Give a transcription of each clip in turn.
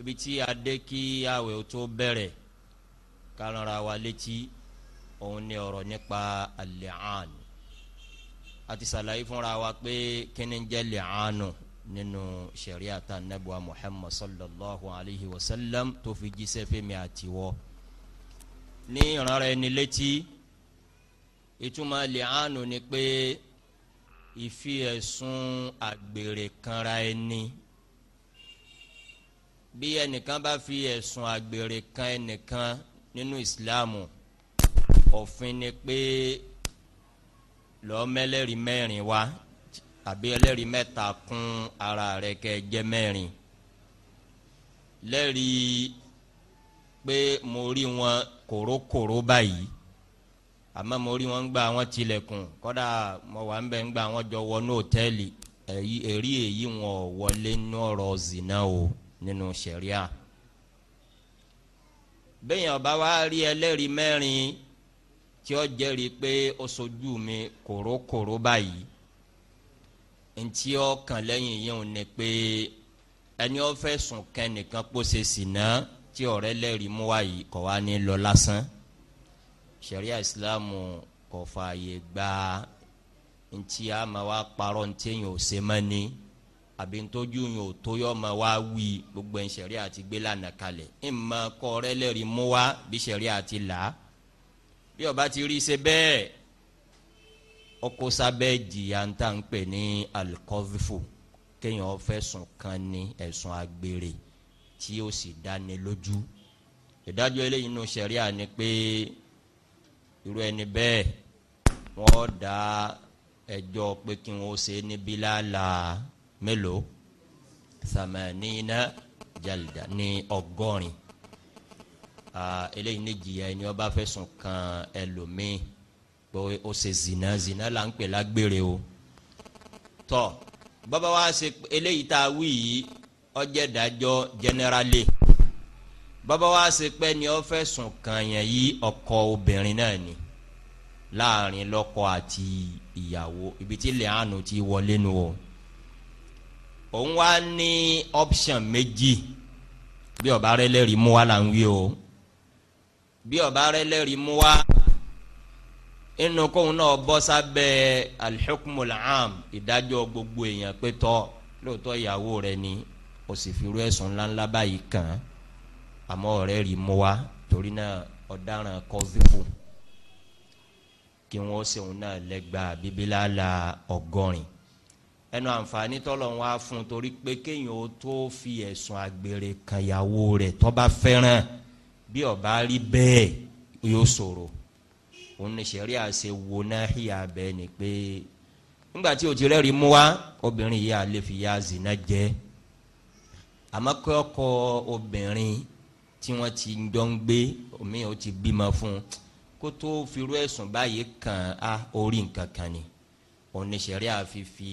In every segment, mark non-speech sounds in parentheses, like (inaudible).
ibi tí a dé kí àwẹ̀ ó tó bẹ̀rẹ̀ kálọ̀ra wa létí òun ni ọ̀rọ̀ nípa al-li'an àti sàlàyé fúnra wa pé kíni jẹ́ li'anu nínú sẹ̀ríà ta nẹ́bùa Muhammad sallallahu alayhi wa sallam tó fi jíṣẹ́ fẹ́mi àtiwọ́ ní ìrànra ẹni létí ìtumọ̀ li'anu ni pé ìfi ẹ̀sùn àgbèrè kanra ẹni bí ẹnìkan bá fi ẹ̀sùn àgbèrè kan ẹnìkan nínú ìsìláàmù òfin ni pé lọ́ọ́ mẹ́lẹ́rìí mẹ́rin wá àbí ẹlẹ́rìí mẹ́ta kún ara rẹ̀ kẹ́ jẹ́ mẹ́rin lẹ́rìí pé mo rí wọn kòrókòró báyìí àmọ́ mo rí wọn gba àwọn tilẹ̀kùn kọ́dà mo wà ń bẹ̀ ń gba àwọn jọ wọnú hòtẹ́ẹ̀lì èrí èyí wọn ò wọlé ní ọ̀rọ̀ zina o nínú ṣẹ̀ríà bẹ́yìn ọba wa rí ẹlẹ́rìí mẹ́rin tí ó jẹ́rìí pé ó sojú mi kòrókòró báyìí ntí ó kàn lẹ́yìn yíyún ni pé ẹni ó fẹ́ sùn kẹ́nìkan kó ṣe sì ná tí ọ̀rẹ́ lẹ́rìí mú wá yìí kọ̀ ní lọ lásán ṣẹ̀ríà ìsìláàmù kò fààyè gba ntí a máa wá parọ́ ntí yìí ò ṣe mọ́ ni àbí ntọ́jú yìí ò tó yọ ma wá wí gbogbo ẹ̀ sẹ̀rí àti gbé lànà kalẹ̀ ẹ̀ mọ kọ́rẹ́ lẹ́rìí mú wá bí sẹ̀rí àti là á bí ọba ti rí ṣe bẹ́ẹ̀ ọkọ sábẹ́ jìyà ń tà pè ní alikọ́fífò kéèyàn fẹ̀sùn kan ní ẹ̀sùn agbèrè tí ó sì dáni lójú ìdájọ́ eléyìí nù sẹ̀rí à ní pé irú ẹni bẹ́ẹ̀ wọ́n dá ẹjọ́ pé kí wọ́n ṣe níbí láàlàá mélòó samanina jalda ní ọgọ́rin eléyìí ní jìyà ẹni ó bá fẹ̀sùn kan ẹlòmíì pé ó ṣe zina zina là ń pè lágbèrè o tọ bàbá wa ṣe eléyìí tá a wí yìí ó jẹ́ jẹnẹrálì bàbá wa ṣe pé ni ó fẹ̀sùn kan yẹn yí ọkọ obìnrin náà ni láàrin lọ́kọ àti ìyàwó ibi tí lẹ́hànú ti wọlé nu o. No òun wá ní option méjì bí ọba rẹ lẹ́rìí mú wa là ń wí o bí ọba rẹ mú wa inú kóun náà bọ́ sábẹ́ alḥukumul ìdájọ́ gbogbo èèyàn pé tọ́ lóòótọ́ ìyàwó rẹ ni o sì fi rú ẹ̀sùn ńláńlá báyìí kàn án àmọ́ ọ̀rẹ́ rí mú wa torí náà ọ̀daràn kọ́fífù kí wọ́n ṣeun náà lẹ́gbàá bíbélà la ọgọ́rin ẹnu àǹfààní tọ́lọ̀ ń wá fún torí pé kéèyàn ó tó fi ẹ̀sùn àgbèrè kànyàwó rẹ̀ tọ́ba fẹ́ràn bí ọba rí bẹ́ẹ̀ yóò ṣòro òun ní sẹ́rí àṣẹ wo náà híyà bẹ́ẹ̀ ni pé nígbà tí o ti rẹ́rìí mú wá obìnrin yìí àlè fi ya zina jẹ́ àmọ́ kí ọkọ obìnrin tí wọ́n ti jọ ń gbé omi ò ti bímọ fún un kó tó firú ẹ̀sùn báyìí kàn á orí nǹkan kan ni òun ní sẹ́rí àfi fi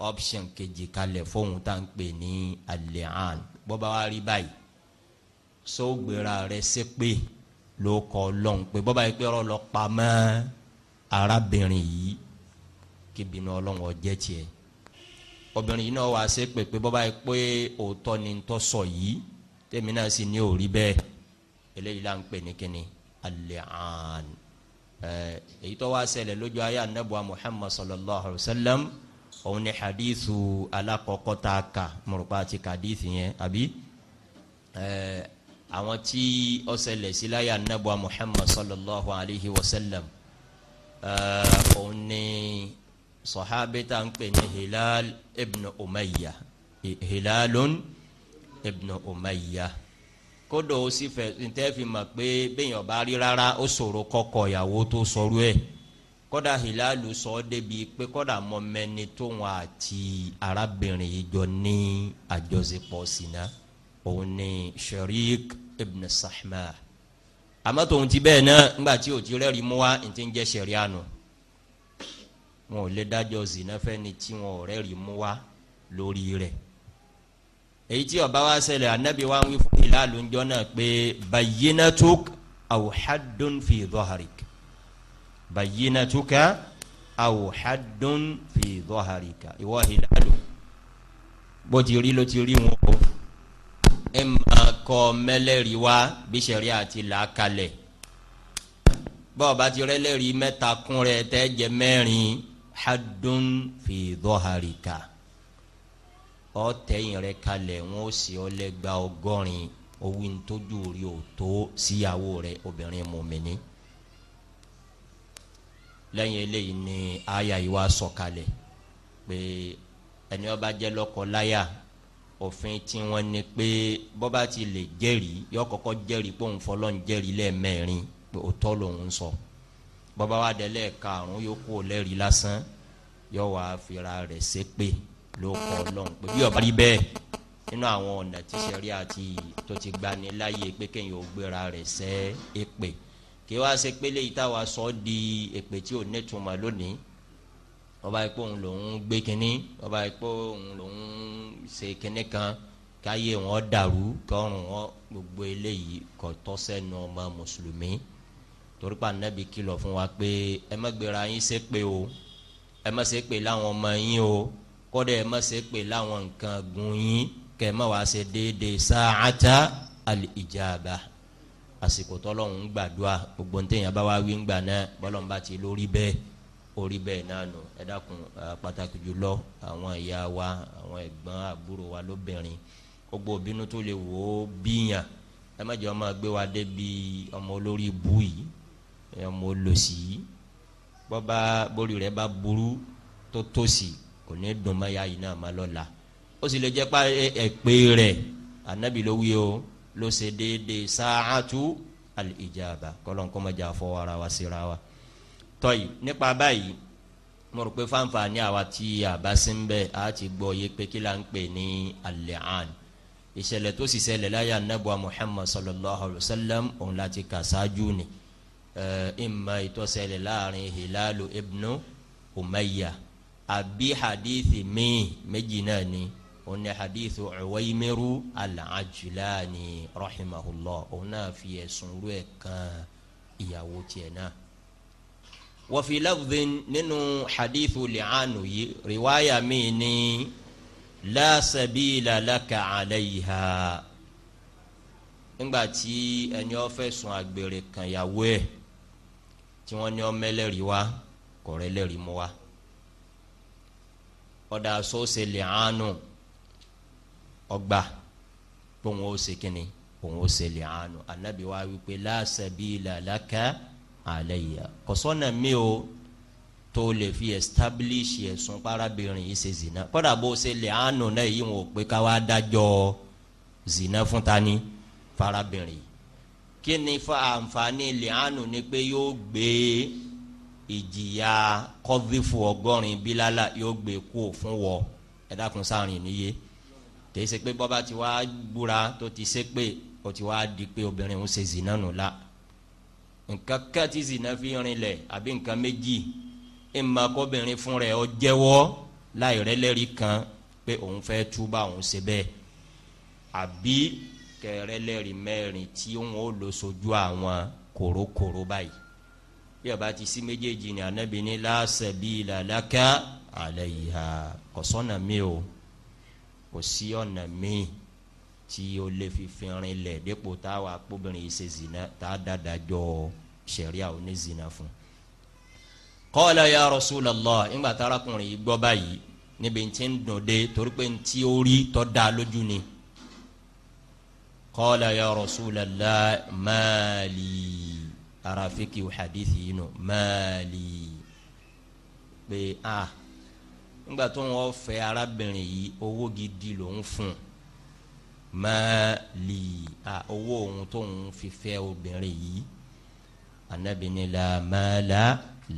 option keji kalẹ̀ fóun tá n pè ní alihan bọ́ba wa rí báyìí so gbéra rẹ sépè ló kọ lọ́hùn pé bọ́ba yìí pé ọlọ́ pa mọ́ arábìnrin yìí kébìnrin ọlọ́run ọjẹ́ tiẹ̀ obìnrin yìí náà wá sépè pé bọ́ba yìí pé òótọ́ ni ń tọ́ sọ yìí tèmi náà sì ní òrí bẹ́ẹ̀ eléyìí là ń pè ní kíni alihan èyí tó wá ṣẹlẹ̀ lójú ayé anabuwa muhammad sallallahu alayhi wa sallam òun ni hadithu alakọ̀kọ́ tá a kà mọ̀rọ̀pá àti kàdíìsì yẹn àbí àwọn tí ó ṣẹlẹ̀ sí Muhammad sallallahu alayhi wa sallam òun ni sọ̀hábẹ́tà ń pè Hilal ibn Umayya Hilalun ibn Umayya kódò ó sì fẹ̀ ntẹ́ fi mọ̀ pé bẹ́ẹ̀ yọ̀ọ́ bá rí rárá ó ṣòro kọ́kọ́ ìyàwó tó sọrú ẹ̀ kódà hilalu sọ ọ́ débi pé kódà mọ́mẹ́ni tó wọn àti arábìnrin yìí jọ ní àjọṣepọ̀ sínú òun ni sharik ibn sahma àmọ́ tòun ti bẹ́ẹ̀ náà nígbà tí òtí rẹ́ẹ̀rí mú wá ní ti ń jẹ́ sẹ̀ríà nù wọn ò lè dájọ́ zina fẹ́ni tí wọn ò rẹ́ẹ̀rí mú wá lórí rẹ̀ èyí tí ó bá wá ṣẹlẹ̀ ń wí fún hilalu ń jọ náà pé bayyinatuk aw fi dhahrik bayyinatuka aw haddun fi dhaharika ìwọ hilalu bó ti rí ló ti rí wọn o ẹ máa kọ mẹlẹ́rìí wá bí sẹ̀ríà ti là á kalẹ̀ bọ́ọ̀ bá ti rẹ́lẹ́rìí mẹ́ta kún rẹ̀ tẹ́ jẹ mẹ́rin haddun fi dhaharika ọ tẹ̀yìn rẹ̀ kalẹ̀ wọn ó sì ọ lẹ́gba ọgọ́rin owó ń rí o tó síyàwó rẹ̀ obìnrin mùmíní lẹ́yìn eléyìí ni aya yìí wá sọ̀kalẹ̀ pé ẹni ó bá jẹ́ lọ́kọ láya òfin tí wọ́n ní pé bó bá ti lè jẹ́rìí yọ kọ́kọ́ jẹ́rìí pé òun fọlọ́ ń jẹ́rìí lẹ́ẹ̀mẹ́rin pé òótọ́ lòun sọ bó bá wá délẹ̀ karùn-ún yóò kó lẹ́rìí lásán yọ wá fira rẹ̀ ṣépè ló kọ́ ọlọ́run pé bí ó rí bẹ́ẹ̀ nínú àwọn ọ̀nà tí àti tó ti gbani pé kéèyàn ó gbéra rẹ̀ sẹ́ é E kí wá ṣe pé léyìí táwa sọ di èpè tí ò nítumọ̀ lónìí ọba yìí pé òun lòun gbé kínní ọba yìí pé òun lòun ṣe kínní kan káyé wọn dàrú kọrùn wọn gbogbo eléyìí kò tọ́ sẹ́nu ọmọ mùsùlùmí torí pa kìlọ̀ fún wa pé ẹ má gbéra yín ṣe pé o ẹ má ṣe pé láwọn ọmọ yín o kódà ẹ má ṣe pé láwọn nǹkan gùn yín kẹ́ ẹ má wá ṣe déédéé sáà ata al-ijaba àsìkò tọ́lọ́hún ń gbàdúrà gbogbo ní tẹ̀yìn abáwá wí ń gbà náà bọ́lọ́n bá ti lórí bẹ́ẹ̀ orí bẹ́ẹ̀ náà nù ẹ dákun pàtàkì jùlọ àwọn ìyá wa àwọn ẹ̀gbọ́n àbúrò wa lóbìnrin gbogbo òbínú tó lè wò ó bíyàn ẹ má jẹ́ ọmọ gbé wa débi ọmọ olórí bú yìí ọmọ olòṣì yìí bọ́ba borí rẹ̀ bá burú tó tòṣì kò ní dùn mọ́ ya yìí náà má lọ́la ó sì lè jẹ́ pa ẹ̀pẹ́ rẹ̀ ànábì ló wí o ló ṣe déédéé sáàtú alìjàbá kọlọ́n kọ́ mọ́jà fọ́ ara wa síra wa tọ́yì nípa báyìí mo rò pé fáǹfààní àwa tí àbá sí ń bẹ̀ á ti gbọ́ yé pé kí la ń pè ní al ìṣẹ̀lẹ̀ tó sì ṣẹlẹ̀ láyé anábọ́à Muhammad sallallahu alayhi wa sallam òun láti kà sáájú ni ìmọ̀ ìtọ́sẹ̀lẹ̀ láàrin Hilalu ibnu Umayya àbí hadithi míì méjì náà ni òun ni hadith Uwaymiru al-Ajlani rahimahullah òun náà fi ẹ̀sùn rú ẹ̀ kan ìyàwó tiẹ̀ náà. wa fi lafdhin nínú hadith lẹ́hánu yìí riwaya mi ni la sabila laka alayha nígbàtí ẹni ó fẹ̀sùn agbèrè kan yàwó ẹ̀ tí wọ́n ní ọmọ ẹlẹ́rìí wá kọ̀ọ̀rẹ́ ẹlẹ́rìí mú wá ọ̀dà sọ́ọ́sẹ̀ ọgbà pòun ó ṣe kínní pòun ó ṣe lẹ́hànú anabi wa wípé láṣẹbi làlákà àlẹyà kọsọ́nà mi ò tó lè fi establish ẹ̀sùn parabirin yìí ṣe zina kódà bó ṣe lẹ́hànú náà yìí wọn pé ká dájọ́ zina fún tani farabirin yìí kí ni fa àǹfààní lẹ́hànú ni pé yóò gbé ìjìyà kọ́vífù ọgọ́rin bílálà yóò gbé kú òfun wọ ẹ̀dá kun sáàrin níye kìí ṣe pé bọ́ba ti wá búra tó ti ṣe pé o ti wá di pé obìnrin ń ṣe zina nù la nǹkan kan ti zina fi rin lẹ̀ àbí nǹkan méjì ìmọ̀ kóbìnrin fún rẹ̀ ọ jẹ́wọ́ láì rẹ́ lẹ́rìí kan pé òun fẹ́ túbà òun ṣe bẹ́ẹ̀ àbí kẹrẹ lẹ́rìí mẹ́rin tí òun ó lọ sójú àwọn kòrókòró báyìí bí ọba ti sí méjèèjì ni anabi ní la sabila laka alayha kọ̀sọ́nà mi o kò sí ọ̀nà míì tí o lè fi fìrin lẹ̀ dípò táwa kóbìnrin yìí ṣe zina tá a dada jọ sẹ̀ríà ò ní zina fún. qala ya Rasulallah ńgbà tarakùnrin yìí gbọ́ báyìí níbi tí ń dùn dé torí pé ntí ó rí tọ́ da lójú ni. qala ya Rasulallah maali arafiki hadithi yìí nù maali pé a. Ah, nígbà tó wọn fẹ́ arábìnrin yìí owó gidi lòún fún máàlì à owó òun tóun fi fẹ́ obìnrin yìí anabi ni la máàlà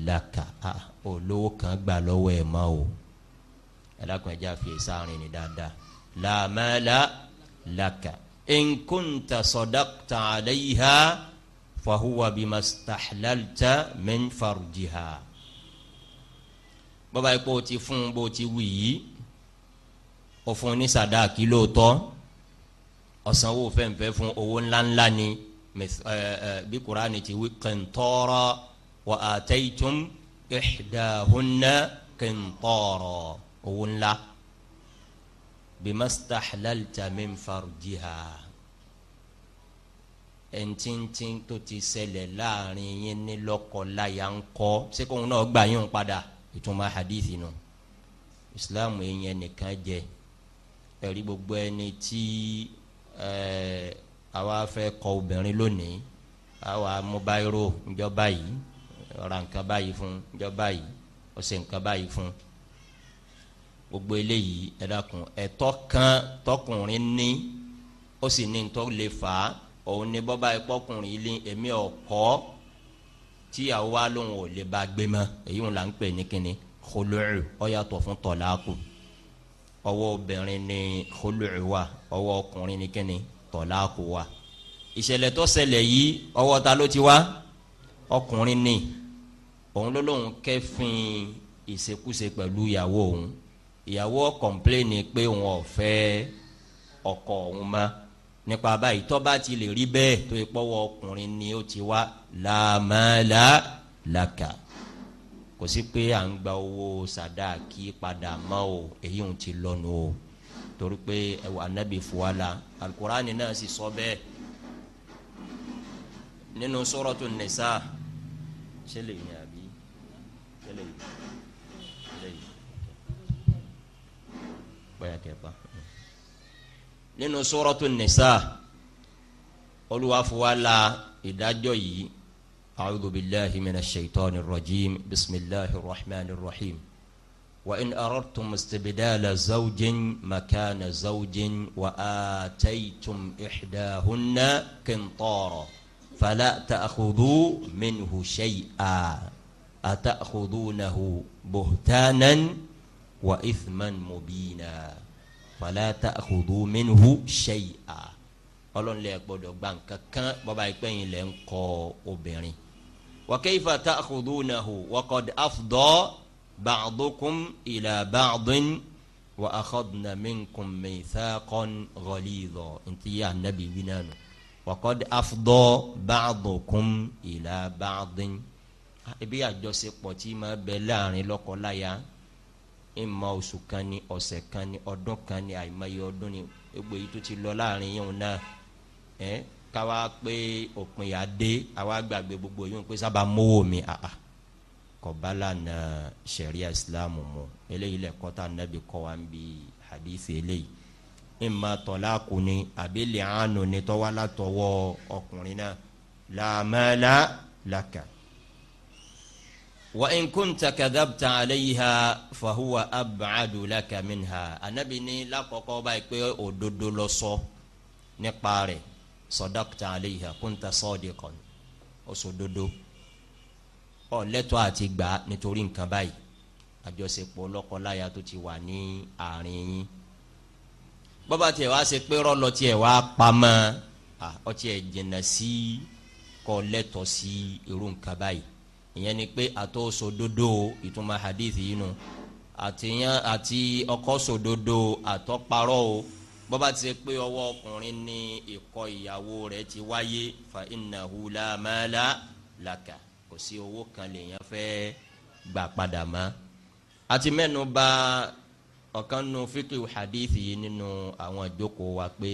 làkà à olówó kan gbà lọ́wọ́ ẹ̀ mọ́ o ẹlẹ́kùn ẹ̀já fi sáárín ni dáadáa la máàlà làkà in kunta sadaqta alayha fahuwa bimastaḥlalta min farjiha bọ́ba yìí kó o ti fún un bó o ti wù yìí o fún un ní sàdáàkì lóòótọ́ ọ̀sánwó fẹ́ǹfẹ́ fún owó ńláńlá ni bí kuraani ti wí qintara wa ataytum ihdahunna qintara owó ńlá bimastahlalta min farjiha ẹ̀ńtíntín tó ti ṣẹlẹ̀ láàrin yín ní lọ́kọ ńkọ́ ṣé náà gbà yín padà ìtumọ̀ hadithi nù islam yẹn nìkan jẹ ẹ̀rí gbogbo ẹni tí ẹ̀ẹ́ àwa fẹ́ kọ obìnrin lónìí àwa mú báyìíró ńjọ báyìí ra nǹkan báyìí fún ńjọ báyìí ó ṣe nǹkan báyìí fún gbogbo eléyìí ẹ ẹ̀tọ́ kan tọkùnrin ní ó sì ní ntọ́ lè fà á òun ni bọ́ba ẹ̀pọ́kùnrin ilé èmi ọ̀kọ́ tíyàwó wa lóun ò lè ba gbé mọ́ èyí ń la ń pè ní kíni khulu'u ó yàtọ̀ fún tọ̀láàkù ọwọ́ obìnrin ni khulu'u wa ọwọ́ ọkùnrin ni kíni tọ̀láàkù wa ìṣẹ̀lẹ̀ tó ṣẹlẹ̀ yìí ọwọ́ ta ló ti wá ọkùnrin ni òun ló lóun kẹ́fìn ìṣekúṣe pẹ̀lú ìyàwó òun ìyàwó kọ̀ǹpléènì pé òun ò fẹ́ òun mọ́ nípa báyìí tọ́ba ti lè rí bẹ́ẹ̀ tó ìpọ́wọ́ ọkùnrin ni ó ti wá làmàlà làkà kò sí pé à ń gba owó sàdáàkì padà mọ́ o èyí ń ti lọ́nu o torí pé ẹwà anábì fúwala alukurani náà sì sọ bẹ́ẹ̀ nínú sọ́rọ́tù nìsa ṣe lè yàn àbí ṣe lè yàn bóyá kẹfà. nínú sórọ́tún nìsa olúwa fúwalà ìdájọ́ yìí a'udhu billahi minash shaitani rajim bisimilahi rahman rahim wa in وإن zawjin makana zawjin wa زوج وآتيتم إحداهن fala فلا minhu shay'a ata'khudunahu buhtanan wa ithman مبينا wala ta'khudhu minhu shay'a ọlọ́run lè gbọ́dọ̀ gba nǹkan kan bọ́ba ìpẹ́ yìí lè ń kọ obìnrin. wa kayfa ta'khudhunahu wa qad afda ba'dukum ila ba'din wa akhadna minkum mithaqan ghalidha ntí yà nàbí wínánu wa qad afda ila ba'din. ibi àjọṣepọ̀ tí ma bẹ láàrin lọ́kọ ìmọ̀ oṣù kan ni ọ̀sẹ̀ kan ni ọdún kan ni àìmọye ọdún ni gbogbo èyí tó ti lọ láàrin yìí náà ẹ káwa pé òpin yà dé àwa gbàgbé gbogbo yìí pé sábà mówó mi àà kọ̀bálà na sẹ̀ríà ìsìlámù mu eléyìí lẹ́kọ́ tá nàbí kọ́ wa ń bi hadith eléyìí ìmọ̀ tọ́láàkù ni àbí lẹ́hànú ni tọ́wálà ọkùnrin náà làmàlà làkà wa in kunta kadabta alayha fahuwa ab'adu laka minha anabi ní lákọ̀ọ́kọ́ báyìí pé òdodo ló sọ nípa rẹ̀ sadaqta alayha kunta sadiqan ó sọ òdodo ó lẹ́tọ̀ọ́ àti gbà nítorí nǹkan báyìí àjọṣepọ̀ lọ́kọláya tó ti wà ní àárín yín bọ́bá tiẹ̀ wá ṣe pé rọ́lọ́ tiẹ̀ wá pamọ́ ọtí ẹ̀ jìnnà sí kọ́ lẹ́tọ̀ọ́ sí irú nǹkan ìyẹn ni pé àtọ sòdodo ìtumọ̀ hadith yìí nù àtìyàn àti ọkọ sòdodo àtọ parọ́ o bọ́ba ti ṣe pé ọwọ́ ọkùnrin ní ìkọ ìyàwó rẹ̀ ti wáyé fa innahu la mala laka kò sí owó kan lèèyàn fẹ́ gbà padà mọ́ àti mẹ́nu bà ọ̀kan nu fíkì hadithi yìí nínú àwọn ìjókòó wa pé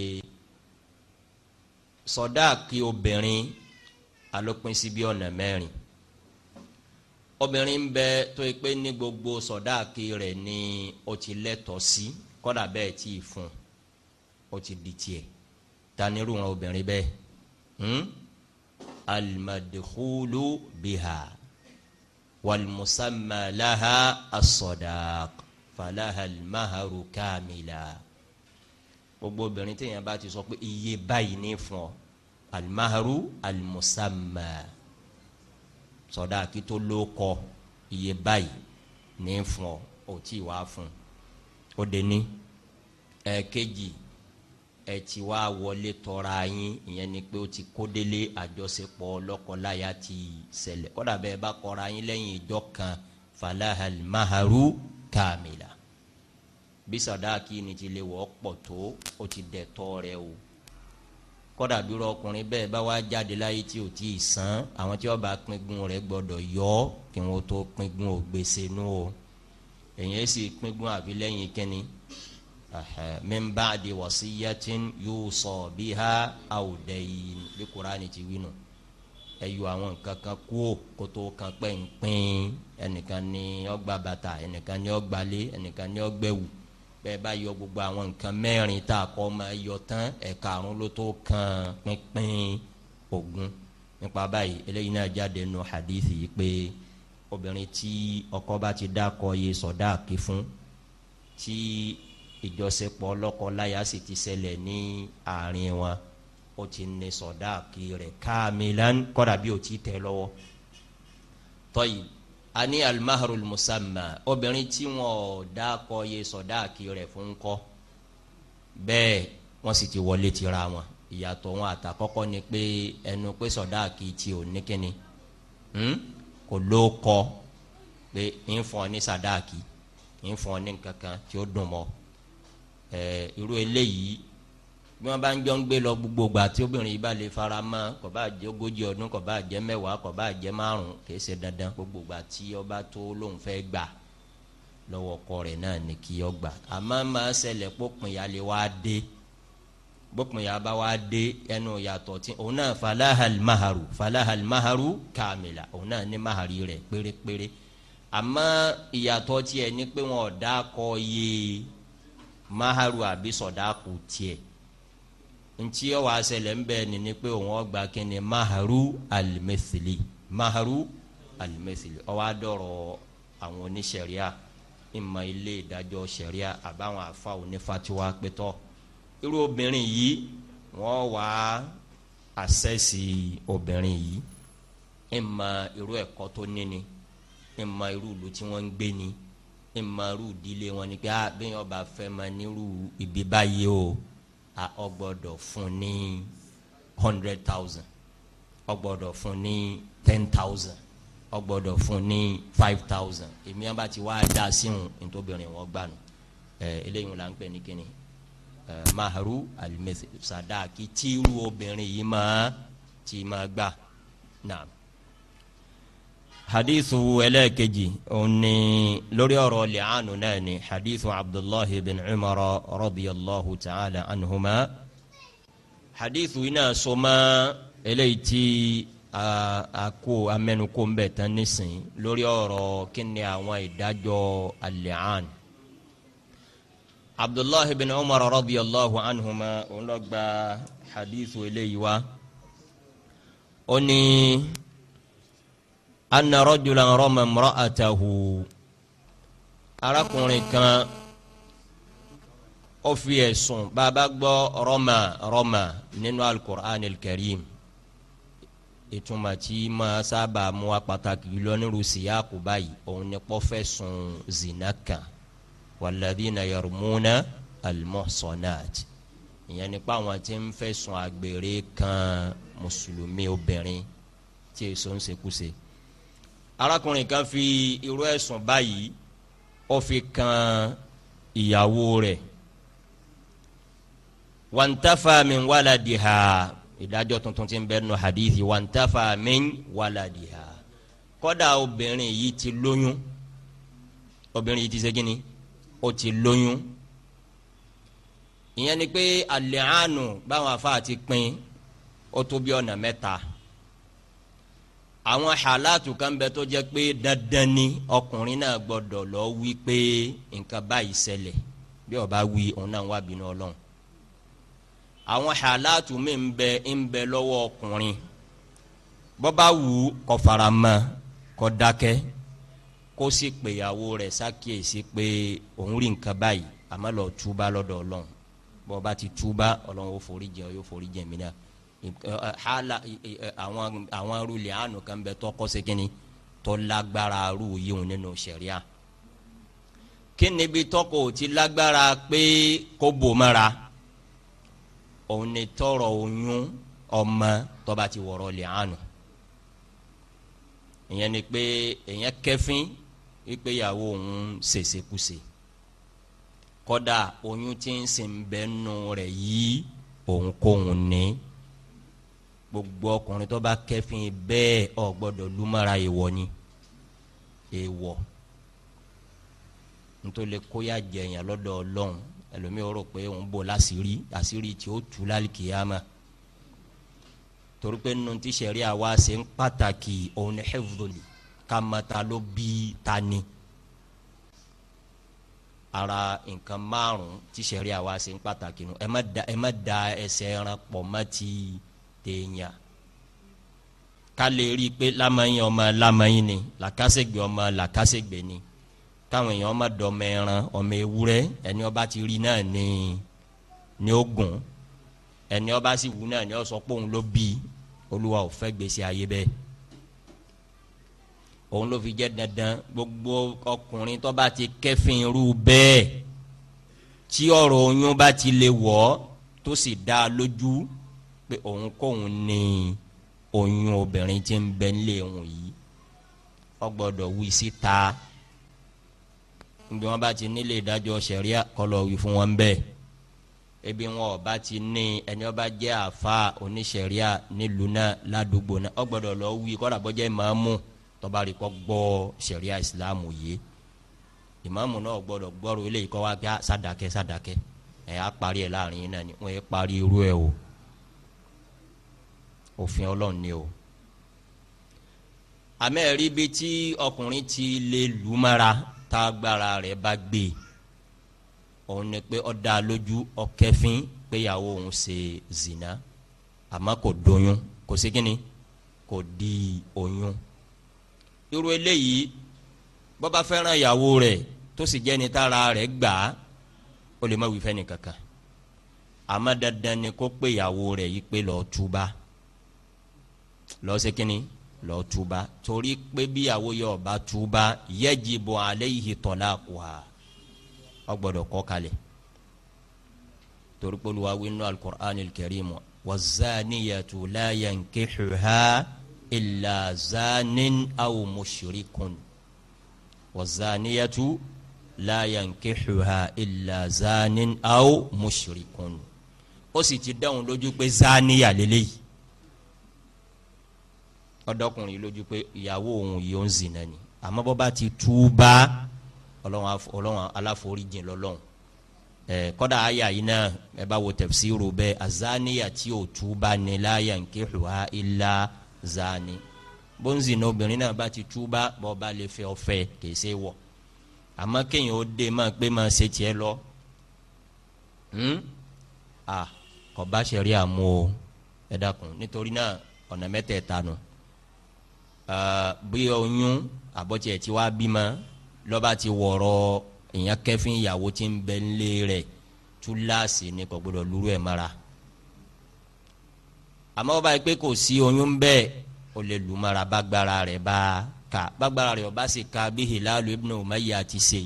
sọdáàkì obìnrin alópin sí bí ọ̀nà mẹ́rin obìnrin ń bẹ tó yẹ pé ní gbogbo sọdáàkì rẹ̀ ni ó ti lẹ́tọ̀ọ́ sí kódà bẹ́ẹ̀ tí ì fún ó ti di tiẹ̀ ta ni irú wọn obìnrin bẹ́ẹ̀ hmm? alimadikulu biha walmusamma laha asọdaq kamila gbogbo obìnrin téèyàn bá ti sọ pé iye báyìí ní fún ọ alimaharu almusamma sọdá kí tó ló kọ iye báyìí ní fún ọ ò tí wá fún ó dé ní ẹ̀ẹ̀kejì ẹ ti wá wọlé tọra yín ìyẹn ni pé ó ti kó délé àjọṣepọ̀ lọ́kọláya ti ṣẹlẹ̀ kódà bẹ́ẹ̀ bá kọra yín lẹ́yìn ìjọ kan falahal maharu kamila bí sọdá kí ni ti lè wọ́ pọ̀ tó ó ti dẹ̀ tọ́ rẹ o kọ́dà dúró ọkùnrin bẹ́ẹ̀ bá wá jáde láyé tí ò tí ì san àwọn tí wọ́n bá pingun rẹ̀ gbọ́dọ̀ yọ ọ́ kí wọ́n tó pingun ò gbèsè nú o èyàn sì pingun àfi lẹ́yìn kínní min ba'di wasiyatin yusa biha aw dayn bí Kùránì ti wí nù ẹ yọ àwọn nǹkan kan kú ò kó tó kan pẹ́ ń pín ẹnìkan ni ó bàtà ẹnìkan ni ó gbalé ẹnìkan ni ó gbẹ̀wù bẹ́ẹ̀ bá yọ gbogbo àwọn nǹkan mẹ́rin tá a kọ́ máa yọ tán ẹ̀ka àrùn ló tó kan pínpín ogun nípa báyìí eléyìí náà jáde nù hadithi yìí pé obìnrin tí ọkọ bá ti dákọ yé sọdá àkè fún tí ìjọsepọ̀ ọlọ́kọ láyà sì ti ṣẹlẹ̀ ní àárín wọn ó ti ní sọdá àkè rẹ̀ káàmìlán kọ́dà bí ó ti tẹ̀ lọ́wọ́ tọ́yìí ani alimaharul musamma obìnrin tí wọn ò dákọ yé sọdáàkì rẹ̀ fún kọ bẹ́ẹ̀ wọn sì ti wọlé tira wọn ìyàtọ̀ wọn àtàkọ́kọ́ ni pé ẹnu pé sọdáàkì tí ò ní kíni hmm, kò ló kọ pé ń fún ní sàdáàkì ń fún ní nǹkan tí ó dùn mọ́ ẹ irú eléyìí bí wọn bá ń jọ ń gbé lọ gbogbo ìgbà tí obìnrin yìí bá lè fara mọ́ kò bá jẹ́ ogójì ọdún kò bá jẹ́ mẹ́wàá kò bá jẹ́ márùn kì í ṣe dandan gbogbo ìgbà tí ọba tó lóun fẹ́ gbà lọ́wọ́ ọkọ rẹ̀ náà ni kí ọ gbà àmọ́ máa ṣẹlẹ̀ pópinya lè wá dé pópinya bá wá dé ẹnu yàtọ̀ tí òun náà falahal maharu falahal maharu kàmìlà òun náà ní mahari rẹ̀ pérépéré àmọ́ ìyàtọ̀ tiẹ̀ ni pé wọn ò dákọ̀ yé maharu àbí sọ̀dáàkù tiẹ̀. So ntí ọ wá ṣẹlẹ̀ ń bẹ nínú pé òun ọgbà kínní maharu alimẹsìlì maharu alimẹsìlì ọ wá dọ̀rọ̀ àwọn oníṣẹ̀ríà ìmọ̀ ilé ìdájọ́ ṣẹ̀ríà àbáwọn àfa onífatiwa pétọ́ irú obìnrin yìí wọ́n wá àṣẹ́sì obìnrin yìí ìmọ̀ irú ẹ̀kọ́ tó níni ìmọ̀ irú ìlú tí wọ́n ń gbé ni ìmọ̀ irú ìdílé wọn ni pé ah bí wọ́n bá fẹ́ mọ nírú ìbí báyìí o. a ọgbọdọ fún ní hundred thousand ọgbọdọ fún ní ten thousand ọgbọdọ fún ní five thousand èmi àbá ti wá dá síhun ntòbìnrin wọn gbà nù ẹ eléyìí la ń pè ní ẹ maharu alimẹsẹ sadaki ti obìnrin yìí máa ti máa gbà náà. hadithu ẹlẹ́ẹ̀kejì òní lórí ọ̀rọ̀ lẹ́hánu náà ni hadithu abdullahi bin umar radiyallahu ta'ala anhuma hadithu iná sọmọ eléyìí tí a kó amẹnukó ń bẹ̀ tán nísìnyí lórí ọ̀rọ̀ kíni àwọn ìdájọ́ alẹ́hánu. abdullahi bin umar radiyallahu anhuma òun lọ gba hadithu eléyìí wá. ó ní anna rajulan rama imra'atahu arákùnrin kan ó fi ẹ̀sùn bàbá gbọ́ rama rama nínú alukur'an karim ìtumọ̀ tí máa sábà mú wa pàtàkì lọ́nírú síyáàkú báyìí òun ni pọ́fẹ́ sun zina kan walladhina yarmuna almuhsanat ìyẹn nípa àwọn tí ń fẹ́ sun àgbèrè kan mùsùlùmí obìnrin tí èso ń ṣekúṣe arákùnrin kan fi irú ẹ̀sùn báyìí ó fi kan ìyàwó rẹ̀ wàǹtàfà min wàlàdìhà ìdájọ́ tuntun tí ń bẹ nù hadithi wàǹtàfà min wàlàdìhà kọ́dà obìnrin yìí ti lóyún obìnrin yìí ti ṣe gíní ó ti lóyún ìyẹn ni pé àlẹ́ àánú báwọn afa ti pín ó tó bí ọ̀nà mẹ́ta àwọn halatu kan bẹ tó jẹ pé dandan ni ọkùnrin náà gbọ́dọ̀ lọ wí pé nǹkan báyìí ṣẹlẹ̀ bí ó bá wí òun náà wà bínú Ọlọ́run àwọn halatu mi ń bẹ ń bẹ lọ́wọ́ ọkùnrin bó bá wù kó fara mọ́ kó dákẹ́ kó sì pèyàwó rẹ̀ ṣàkíyèsí pé òun rí nǹkan báyìí àmọ́ lọ túbá lọ́dọ̀ Ọlọ́run bó ti túbá Ọlọ́run ó forí jìn yóò forí jìn mí náà àwọn àwọn arúlẹ̀ àánú kan bẹ tọkọ segin tó lágbára arú yìí wọn nínú sẹ̀ríà kí ni bí tọkọ ò ti lágbára pé kó bò mọ́ra òun ni tọrọ oyún ọmọ tọba ti wọ̀rọ̀ lẹ̀ àánú ìyẹn ni pé èèyàn kẹfín wípé ìyàwó òun ṣèṣekúṣe kódà oyún tí ń sìn bẹ́ẹ̀ nù rẹ̀ yìí òun kóhun ní gbogbo ọkùnrin tó bá kẹfìn bẹ́ẹ̀ ò gbọ́dọ̀ lumara èèwọ̀ ni èèwọ̀ nítorí lè kóyà jẹyàn lọ́dọ̀ Ọlọ́run ẹlòmíì rò pé òun bò láṣìírí àṣírí tí ó tú lálìkìyàmà torí pé nínú tí sẹ̀rí àwa ṣe ń pàtàkì òun ní hifdoli kàmata ló bí ta ara nǹkan márùn tí sẹ̀rí àwa ṣe ń pàtàkì nù ẹ má da ẹsẹ̀ ẹran pọ̀ mọ́ ti. E téèyàn ká lè rí i pé lamẹ́yìn ọmọ lamẹ́yìn ni làkàṣègbè ọmọ làkàṣègbè ni káwọn èèyàn ọmọ dọ̀mọ ẹran ọmọ ewúrẹ́ ẹni ọba ti rí náà ni ni ó gùn ẹni ọba sì wù náà ni ó sọ pé òun ló bí olúwa ò fẹ́ gbèsè ayé bẹ́ẹ̀ òun ló fi jẹ́ dandan gbogbo ọkùnrin tó bá ti kẹ́fìn irú bẹ́ẹ̀ tí ọ̀rọ̀ oyún bá ti lè wọ̀ tó sì dá a lójú pé òun kóun ní oyún obìnrin tí ń bẹ nílé òun yìí ó gbọ́dọ̀ wí síta bí wọn bá ti nílé ìdájọ́ ṣẹ̀ríà kọlọ wí fún wọn bẹ́ẹ̀ ebi wọn ọba ti ní ẹni ọba jẹ àfa oníṣẹ̀ríà nílùú náà ládùúgbò náà ó gbọ́dọ̀ lọ wí kódà bó jẹ́ ìmáàmù tó rí kó gbọ́ ṣẹ̀ríà ìsìláàmù yìí ìmáàmù náà gbọ́dọ̀ gbọ́rọ̀ eléyìí kó wá gbá ah, sádàkẹ́ sádàkẹ́ ẹ̀ á parí ẹ̀ láàrin yìí náà ni wọ́n ẹ̀ parí irú ẹ̀ o òfin ọlọ́run ni o àmẹ́rí bíi tí ọkùnrin ti lè lù mọ́ra tá a rẹ̀ bá gbé e, òun ni pé ó lójú ọkẹfín péyàwó òun ṣe zina àmọ́ kò doyún kò sí kínní kò di oyún irú eléyìí bó bá fẹ́ràn ìyàwó rẹ̀ tó sì jẹ́ni tára rẹ̀ gbà á ó lè má wí fẹ́ni kankan àmọ́ dandan ni kó péyàwó rẹ̀ yí pé lọ́ọ́ túbá lọ ṣe kínní lọ túba torí pé bíyàwó yóò bá túba yajibu alayhi talaquha ó gbọ́dọ̀ kọ̀ kalẹ̀ torí pé Olúwa wí nínú al-Qur'anil Karim wazaniyatu la yankihuha illa zanin aw mushrikun wazaniyatu la yankihuha illa zanin aw mushrikun ó sì ti dáhùn lójú pé zaniya lélẹ́yìí ọdọkùnrin lójú pé ìyàwó òun yìí ó ń zina ni àmọ́ bọ́ bá ti túbà ọlọ́run aláforíjìn lọ́lọ́run ẹ kọ́dà àyà yìí náà ẹ bá wo tafsiru bẹ́ẹ̀ azaniya tí ò túbà ni la yankihuha illa zani bó ń zina obìnrin náà bá ti túbà bọ́ bá lè fẹ́ ọ̀fẹ́ kìí ṣe wọ̀ àmọ́ kéèyàn ó dé máa pé máa ṣe tiẹ̀ lọ hmm? kọ́ bá ṣe rí àmú ẹ dákun nítorí náà ọ̀nà mẹ́tẹ̀ẹ̀ta nù. No bí oyún àbọ̀tí ẹ̀ tí wàá bímọ lọ́ba ti wọ̀rọ̀ èèyàn kẹfìn ìyàwó tí ń bẹ ńlé rẹ̀ túláàsì ni kò gbọdọ̀ lúrú ẹ̀ mara àmọ́ báyìí pé kò sí oyún bẹ́ẹ̀ o lè lù mara bágbára rẹ̀ bá ka bágbára rẹ̀ ọba sì ka bí Hilalu ibn Umayya ti ṣe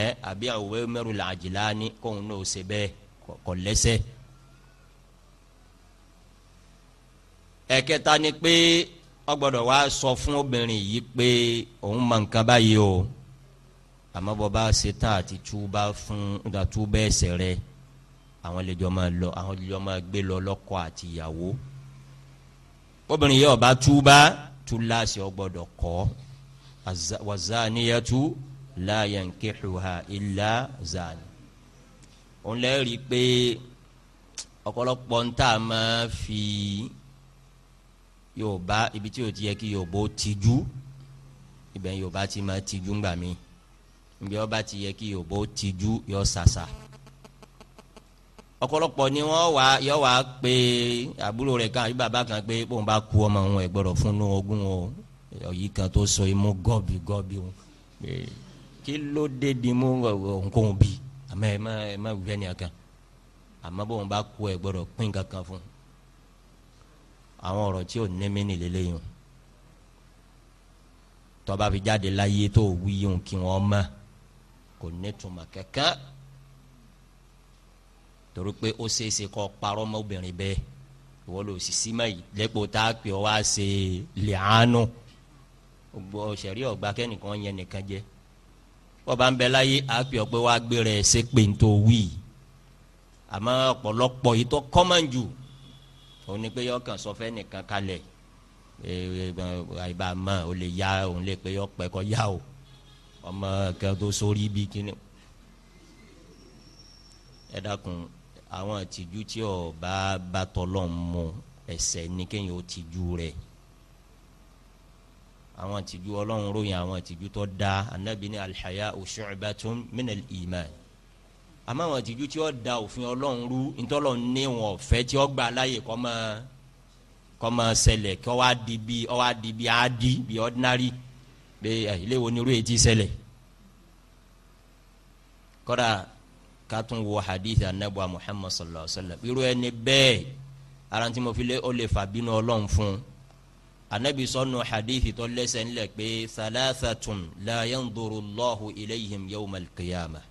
ẹ àbí àwòwé mẹ́rù làjìláni kóun náà ṣe bẹ́ẹ̀ kò lẹ́sẹ̀ ẹ̀kẹta ni pé ó gbọ́dọ̀ wá sọ fún obìnrin yìí pé òun mọ nǹkan báyìí o àmọ́ bọ́ bá ṣe tán àti túbá fún túbá ẹ̀ṣẹ̀ rẹ̀ àwọn lè jọ máa lọ àwọn lè jọ máa gbé lọ lọ́kọ àti ìyàwó obìnrin yìí ó bá túbá túláàsì ó gbọ́dọ̀ kọ̀ wazaniyatu la yankihuha illa zani òun lè rí i pé ọ̀pọ̀lọpọ̀ ń tà máa fi yorùbá ibi tí o ti yẹ kí yorùbá ó tijú ibẹ̀ yorùbá ti máa tijú ńgbà mí ibi ọba ti yẹ kí yorùbá ó tijú yọ sàṣà ọ̀pọ̀lọpọ̀ ni wọ́n wá yọ wá pé àbúrò rẹ̀ kan àbí bàbá kan pé bóun bá ku ọmọ òun ẹ̀ gbọ́dọ̀ fún un ogún o ọ̀yí kan tó sọ imú gọ́bì gọ́bì o kí ló dé di mú òǹkóhun bí àmọ́ ẹ̀ má wíwẹ́ nìkan àmọ́ bóun bá ku ẹ̀ gbọ́dọ̀ pín kankan fún un àwọn ọ̀rọ̀ tí ò ní mẹ́ni lélẹ́yìn tọ́ba fi jáde láyé tó wíyùn kí wọ́n mọ̀ kò ní tuma kankan torí pé ó ṣeéṣe kọ́ parọ́ mọ́ obìnrin bẹ́ẹ̀ ìwọ ló sì sí mọ́ yìí lẹ́pọ̀ tá a pè ọ́ wá ṣe lẹ́hánú gbọ́ sẹ̀rí ọ̀gbà kẹ́nìkan yẹn nìkan jẹ́ bọ́ba ń bẹ láyé a pè ọ́ pé wá gbé rẹ̀ ṣépè ń tó wí àmọ́ ọ̀pọ̀lọpọ̀ yìí tó kọ́mọ̀ jù ó ní pé yọkàn sọ fẹ́ nìkan kalẹ̀ àyíbá mọ̀ ó lè ya òun lè pé yọpẹ́ kọ́ ya o ọmọ kan tó sórí bí kíni. ẹ dákun àwọn àtijú tí ọ bá bá tọ́lọ́ mọ ẹsẹ̀ ní kéèyàn ó tijú rẹ̀ àwọn àtijú ọlọ́run ròyìn àwọn àtijú tó dáa anabi ní alḥaya'u shu'batun minal iman àmọ́ àwọn àtijú tí ó da òfin ọlọ́run rú ntọ́lọ́ ní wọn ọ̀fẹ́ tí ó gba aláyè kọ́ mọ́ kọ́ kí ọ wá di bí ọ wá di bí adi bí ordinary bí ilé wo ni irú èyí ti ṣẹlẹ̀ kọ́dà kátún wo hadith anabuwa muhammad sallallahu alaihi wa sallam irú ẹni bẹ́ẹ̀ aranti mo fi lé ó lè fà bínú ọlọ́run fún anabi sọnù hadith tó lẹ́sẹ̀ ńlẹ̀ pé thalathatun la yandurullahu ilayhim yawmal qiyamah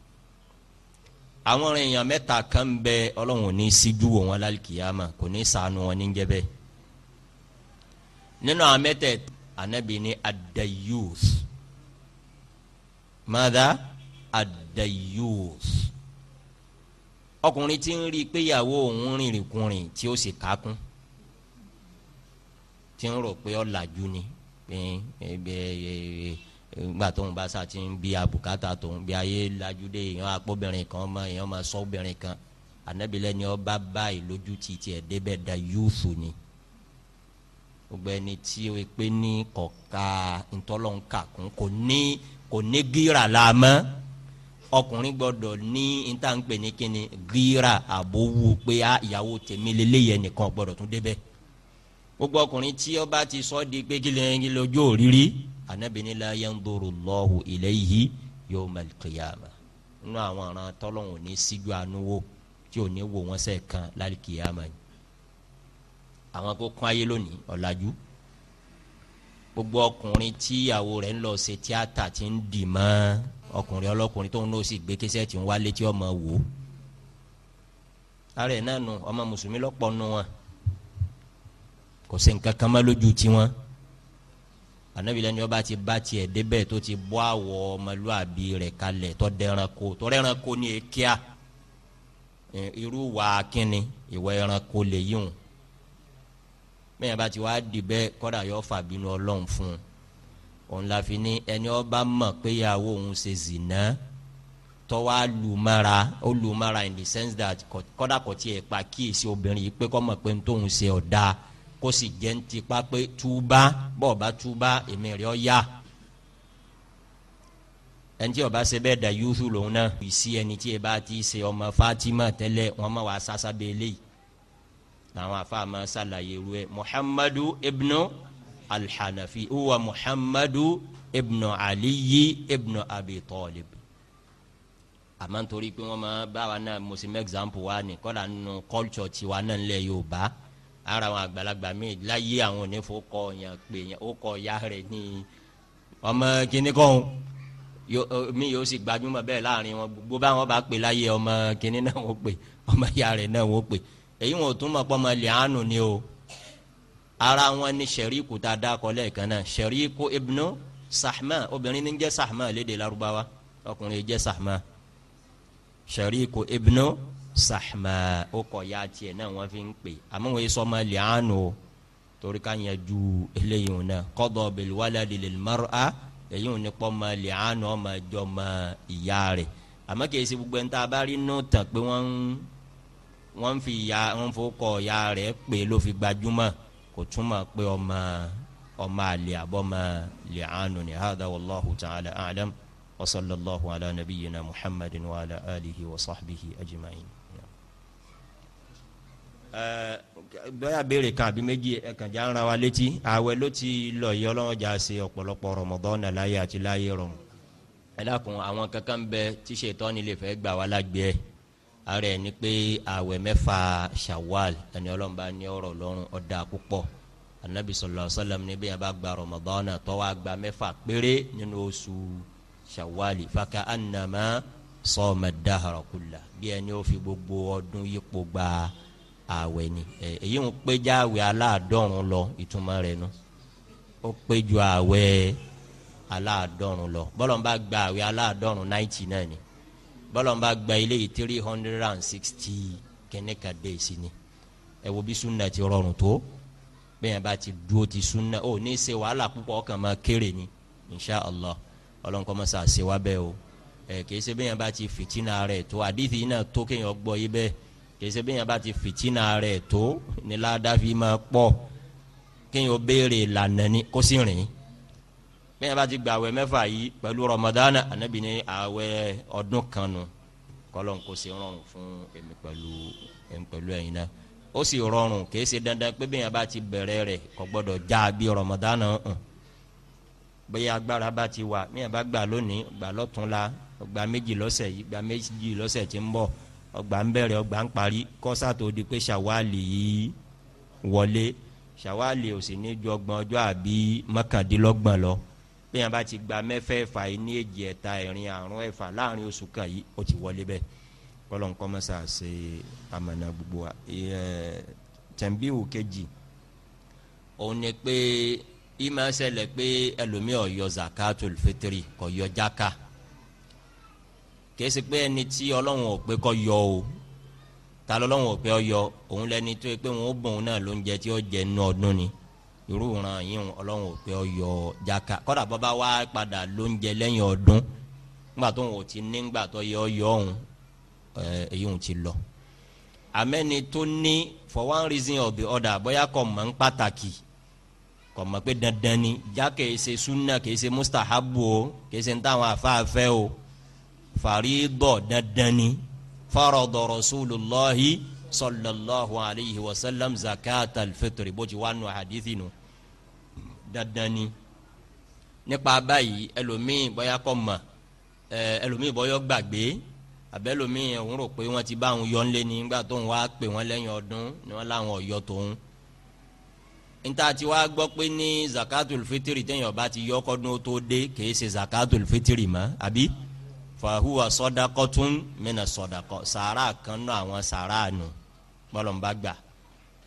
àwọn èèyàn mẹ́ta kan bẹ ọlọ́run ò ní síjú wò wọn lálùkìyàmà kò ní sànù wọn ní jẹ́ nínú àwọn mẹ́tẹ̀ anabi ní adayus mada adayus ọkùnrin tí ń rí i pé ìyàwó òun rìnrìnkùnrin tí ó sì kákún tí ń rò pé ọ̀làjú ni pé ẹ ẹ ẹ nígbà tóun bá sá ti ń bí abùkátà tóun bí ayé lajúdé èèyàn akpọ́bìnrin kan mọ èèyàn mọ sọ́bìnrin kan ànábìlẹ̀ ni ọba báyìí lójú ti tiẹ̀ débẹ̀ da yúùsù ni gbogbo ẹni tí o pe ní kọ̀ka ntọ́lọ́nkà kún kò ní kò ní gíra la mọ́ ọkùnrin gbọ́dọ̀ ní ntànpẹ̀ ní kíni gíra àbówú pé a ìyàwó tèmi lélẹ́yẹ nìkan gbọ́dọ̀ tún débẹ̀ gbogbo ọkùnrin tí ó bá ti sọ di pé kí lójú òrírí. So anabini la yanzurullahu ilayhi yawmal qiyamah nínú àwọn aràn tọ́lọ́hún ní síjú àánú wò tí ò ní wò wọ́n sẹ̀ kan lálùkìyàmà ni àwọn kó kún ayé lónìí ọ̀làjú gbogbo ọkùnrin tí ìyàwó rẹ̀ ń lọ ṣe tíátà ti ń dì mọ́ ọkùnrin ọlọ́kùnrin tóun náà sì gbé kíṣẹ́ tí ń wálé tí ọmọ wò ó ara ẹ̀ mùsùlùmí lọ́pọ̀ nu wọn kò sí nǹkan kan mọ́ lójú tiwọn anabilẹ ni ọba ti ba tiẹ débẹ tó ti bọ àwọ ọmọlúwàbí rẹ̀ kalẹ̀ tó dẹranko tó rẹranko ní ekia irú wa kínni ìwà ẹranko lè yíwọn mẹyìn bá ti wá dìbẹ kódà yọ fà bínú Ọlọ́run fún òun la fi ní ẹni ọba mọ̀ pé ìyàwó òun ṣe zìnà tọwa lùmọ́ra ó lùmọ́ra in the sense that kódà kò tiẹ̀ pa kíyèsí obìnrin yìí pé kọ́ mọ̀ pé n tóun ṣe ọ̀dà kó sì jẹ́ ń tipa pé túbá bọ́ọ̀ bá túbá èmi rẹ̀ ọ́ yá ẹnití ó bá ṣe bẹ́ẹ̀ da yusu lòun náà ìsí ẹni tí ẹ bá ti ṣe ọmọ Fatima tẹ́lẹ̀ wọn ma wà sasa bẹ́ẹ̀lẹ́ yìí làwọn afaama ṣàlàyé ru ẹ Muhammadu ibnu alḥanafi uwa Muhammadu ibnu aliyi ibnu abi tọ́lib àmọ́ nítorí pé wọ́n ma báwa náà mùsùlùmí example wa ni kọ́da nínú culture tiwa náà lẹ̀ Yorùbá ara àwọn àgbàlagbà míì láyé àwọn onífowókọ yẹn pè yẹn ó kọ ya rẹ ní ọmọ kìnnì kan mi yóò sì gbajúmọ̀ bẹ́ẹ̀ láàrin wọn gbogbo báwọn bá pè láyé ọmọ kìnnì náà wọ́n pè ọmọ ya rẹ náà wọ́n pè èyí wọn ò tún mọ̀ pé ọmọ lìánù ni o ara wọn ni sẹríkù tá a dá kọ lẹ́ẹ̀kan náà sẹríkù ibnu sahma obìnrin ní jẹ́ sahma lédè larubawa, ọkùnrin jẹ́ sahma sẹríkù ibnu sahma ó kọ̀ ya tiẹ̀ náà wọ́n fi ń pè àmọ́ wọ́n yé sọ́mọ lìánù o torí ká yẹn ju eléyìí wọn náà qada bil waladi lil mar'a èyí wọn ni pọ́ mọ lìánù ọmọ jọ mọ ìyá rẹ̀ àmọ́ kìí ṣe gbogbo ẹni tá a bá rí inú tàn pé wọ́n ń fi ya wọ́n fò kọ ya rẹ̀ ló fi gbajúmọ̀ kò túmọ̀ pé ọmọ ọmọ àlè àbọ̀mọ lìánù ni hada wallahu ta'ala a'lam wa sallallahu ala nabiyyina muhammadin wa ala alihi wa bóyá béèrè kan àbí méjì ẹ̀kànjá ń ra wa létí ààwẹ̀ ló ti lọ yìí ọlọ́run jà ṣe ọ̀pọ̀lọpọ̀ rọmọdọ́nà láyé àti láyé rọrùn ẹ dákun àwọn kankan bẹ tí ṣètọ́ lè fẹ́ gbà wá lágbẹ́ ẹ̀ ni pé ààwẹ̀ mẹ́fà Shawwal ẹni ọlọ́run bá ní ọ̀rọ̀ lọ́rùn ọ̀dà púpọ̀ anabi sallallahu alaihi wasallam ni bá gba rọmọdọ́nà tó wá gba mẹ́fà péré nínú oṣù Shawwal faka àwẹ̀ ni èyí ń péjá àwẹ̀ aláàdọ́rùn lọ ìtumọ̀ rẹ̀ nu ó péjú àwẹ̀ aláàdọ́rùn lọ bọ́lọ̀ ń bá gba àwẹ̀ aláàdọ́rùn náìtì náà ni bọ́lọ̀ gba ilé yìí three hundred and sixty kẹ́nẹ́ka dé sí ni ẹ wo bí sunna ti rọrùn tó bẹ́ẹ̀ bá ti dúró ti sunna ó ní ṣe wàhálà púpọ̀ ọkàn máa kéré ni insha allah ọlọ́nkọ́ mọ́sá ṣe wá bẹ́ẹ̀ o kì í ṣe bẹ́ẹ̀ bá ti fìtínà rẹ̀ tó àdìsí náà tó kéèyàn gbọ́ yí bẹ́ẹ̀ kèsì bí yẹn bá ti fìtínà rẹ̀ tó ní ládàfi máa pọ̀ kéèyàn béèrè ìlànà ni kó sì rìn bí yẹn bá ti gbà mẹ́fà yìí pẹ̀lú Ramadan anabi ní àwẹ̀ ọdún kan nù kọlọ́n kó sì rọrùn fún èmi pẹ̀lú èmi pẹ̀lú ẹ̀yin náà ó sì rọrùn kèsì dandan pé bí yẹn bá ti bẹ̀rẹ̀ rẹ̀ kò gbọ́dọ̀ já bí Ramadan hàn bóyá agbára bá ti wà bí yẹn bá gbà lónìí gbà lọ́tún la gbà méjì lọ́sẹ̀ yìí gbà méjì lọ́sẹ̀ tí ń bọ̀ ọgbà ń bẹ̀rẹ̀ ọgbà ń parí kọ́sà tó di pé ṣàwálì yìí wọlé ṣàwálì ò sì ní ju ọgbọ̀n ọjọ́ àbí mọ́kàndínlọ́gbọ̀n lọ bí wọn bá ti gba mẹ́fẹ̀ẹ̀fà yìí ní èjì ẹ̀ta ẹ̀rin àrùn ẹ̀fà láàrin oṣù kan yìí ó ti wọlé bẹ́ẹ̀ kọ́lọ́n kọ́mọ́sà ṣe àmàna gbogbo wa tẹ̀m̀bíwò kejì òun ni pé ìmọ̀ ẹsẹ̀ lẹ̀ pé ẹlòmíọ̀ yọ zakatul fitiri kò yọ jáka kèsì pé ẹni tí ọlọ́run ò pé kọ́ yọ o ta lọ́lọ́run ò pé ọ yọ òun lẹni tó pé wọn ó bọ̀ òun náà ló ń jẹ tí ó jẹ nínú ọdún ni irú ìran yìí ọlọ́run ò pé ọ yọ jaka kọ́dà bọ́ bá wá padà ló ń jẹ lẹ́yìn ọdún nígbà tó wọn ò ti ní nígbà tó yẹ yọ òun èyí òun ti lọ amẹ́ni tó ní for one reason or the other bóyá kò mọ̀ ń pàtàkì kò mọ̀ pé dandan ni jákèése sunna kèése mustahabu o kèése ń táwọn afáfẹ́ o fàrídọ̀ dandan ni farada rasulullahi sallallahu alayhi wa sallam zakat alfitri bó ti wà nù hadithi nù dandan ni nípa báyìí ẹlòmíì bóyá kò mọ̀ ẹlòmíì bóyá gbàgbé abẹ́lòmíì òun rò pé wọ́n ti bá òun yọ ńlẹ́ ni nígbà tó ń wá pè wọ́n lẹ́yìn ọdún ni wọ́n láwọn ọ̀yọ́ tòun níta tí wàá gbọ́ pé ní zakatul fitiri téèyàn bá ti yọ ọkọ́ dún ó tó dé kèé ṣe zakatul fitiri mọ́ àbí. Mm -hmm fàhùwà sadaqatun mina sadaqa sàárà kan náà àwọn sàárà nù bọ́lọ̀ ń bá gbà